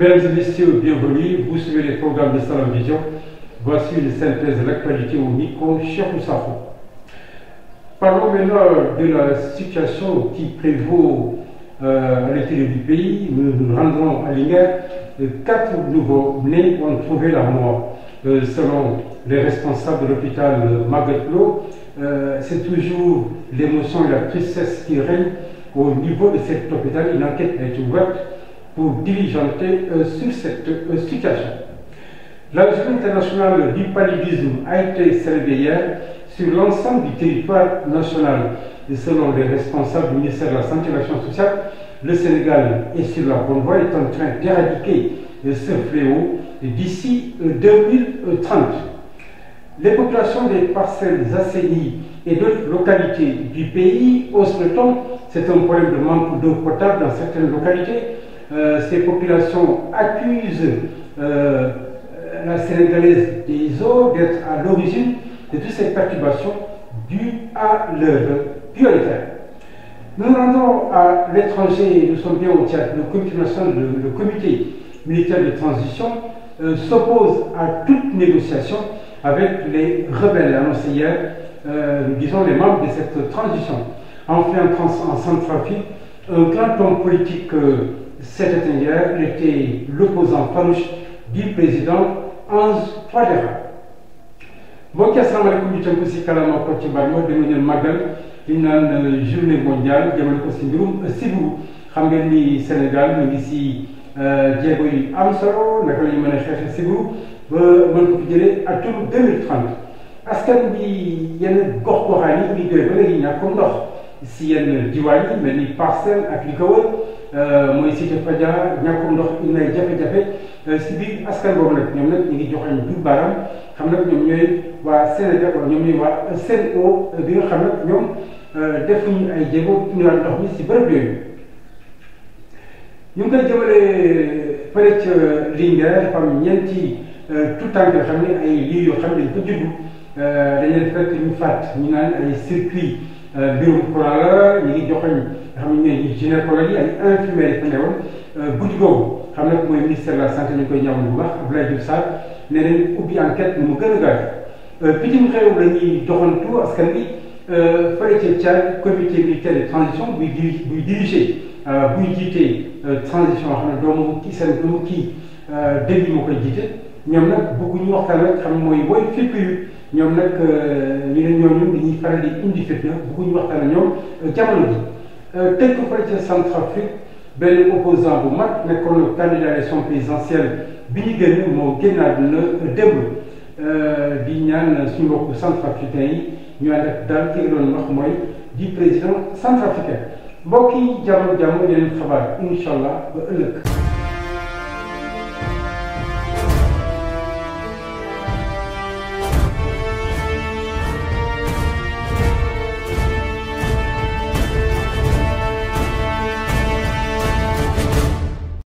Mesdames et messieurs, bienvenue. Vous suivez les programmes de Salam Vision. Voici une synthèse de l'actualité au micro, Cheikh Safo. Parlons maintenant de la situation qui prévaut euh, du pays. Nous nous à Linguerre. Quatre nouveaux nés ont trouvé la mort. Euh, selon les responsables de l'hôpital Magatlo, euh, c'est toujours l'émotion et la tristesse qui règnent au niveau de cet hôpital. Une enquête a ouverte pour diligenter euh, sur cette euh, situation. La journée internationale du paludisme a été célébrée sur l'ensemble du territoire national. Et selon les responsables du de la Santé et de l'Action sociale, le Sénégal est sur la bonne est en train d'éradiquer ce fléau d'ici euh, Les populations des parcelles assainies et d'autres localités du pays haussent le ton. C'est un problème de manque d'eau potable dans certaines localités Euh, ces populations accusent euh, la Sénégalaise des eaux d'être à l'origine de toutes ces perturbations dues à l'œuvre prioritaire. Nous nous rendons à l'étranger, nous sommes bien au Tchad, le comité, national, le, le comité militaire de transition euh, s'oppose à toute négociation avec les rebelles annoncés hier, euh, disons les membres de cette transition. Enfin, en, en un grand politique euh, Cet ingénieur était l'opposant farouche du président Ange Touadéra mbokk yi asalaamaaleykum ñu tënk si kàllaama ko ci mbaar moo dama ñëw màggal li ñu naan journée mondiale jëmale ko si mbirum sibiru xam ngeen ni Sénégal mu si jéego yu am solo naka la ñu mën a xeexe sibiru ba mën ko fi jëlee atum 2030 askan bi yenn gox goxaan yi ñu jooy ba léegi ñàkk ndox si yenn diwaan yi ni parcelle ak li Euh, mooy cité Fadia ñàkkum ndox indi ay jafe-jafe euh, si biir askan boobu nag ñoom nag ñu ngi joxañ du baaraam xam nag ñoom ñooy waa Sénégal wala ñoom ñooy waa Sen'Eau bi nga xam nag ñoom euh, defuñu ay jéego ñu naan ndox mi si bërëb yooyu ñu ngi koy jëmale peut-être Linguère fam ñeenti tout temps nga xam ne ay lii yoo xam ne dañ ko ñu faat ñu naan Euh, mbirum courant la ñu ngi joxoñ nga xam ne ñu gynécologue yi ay infirmières yi fa newoon euh, guddi googu xam ne mooy ministère de la santé ñu koy ñaawlu bu baax Abdoulaye Diouf Sarr nee nañ ubbi enquête mu gën a gaaw euh, bitim xew la ñuy doxantu askan bi fële ca Tchad comité militaire de transition buy diri buy jiite transition xam ne doomu kii seen doomu kii jiite ñoom nag bëgguñu waxtaan nag xam mooy booy fépp yu ñoom nag euh, ñu ne ñooñu dañuy faral di indi fitna bëgguñu waxtaan ak ñoom euh, jamono bi euh, tëj ko fële ca Centrafrique benn opposant bu mag nekkoon candidat élection présidentielle bi ñu génn moo génnaat na démb di ñaan suñu mbokku centrafricain yi ñu ànd ak daal ki doon mooy di président centrafricain mbokk yi jàmm jàmm yeneen xabaar incha allah ba ëllëg.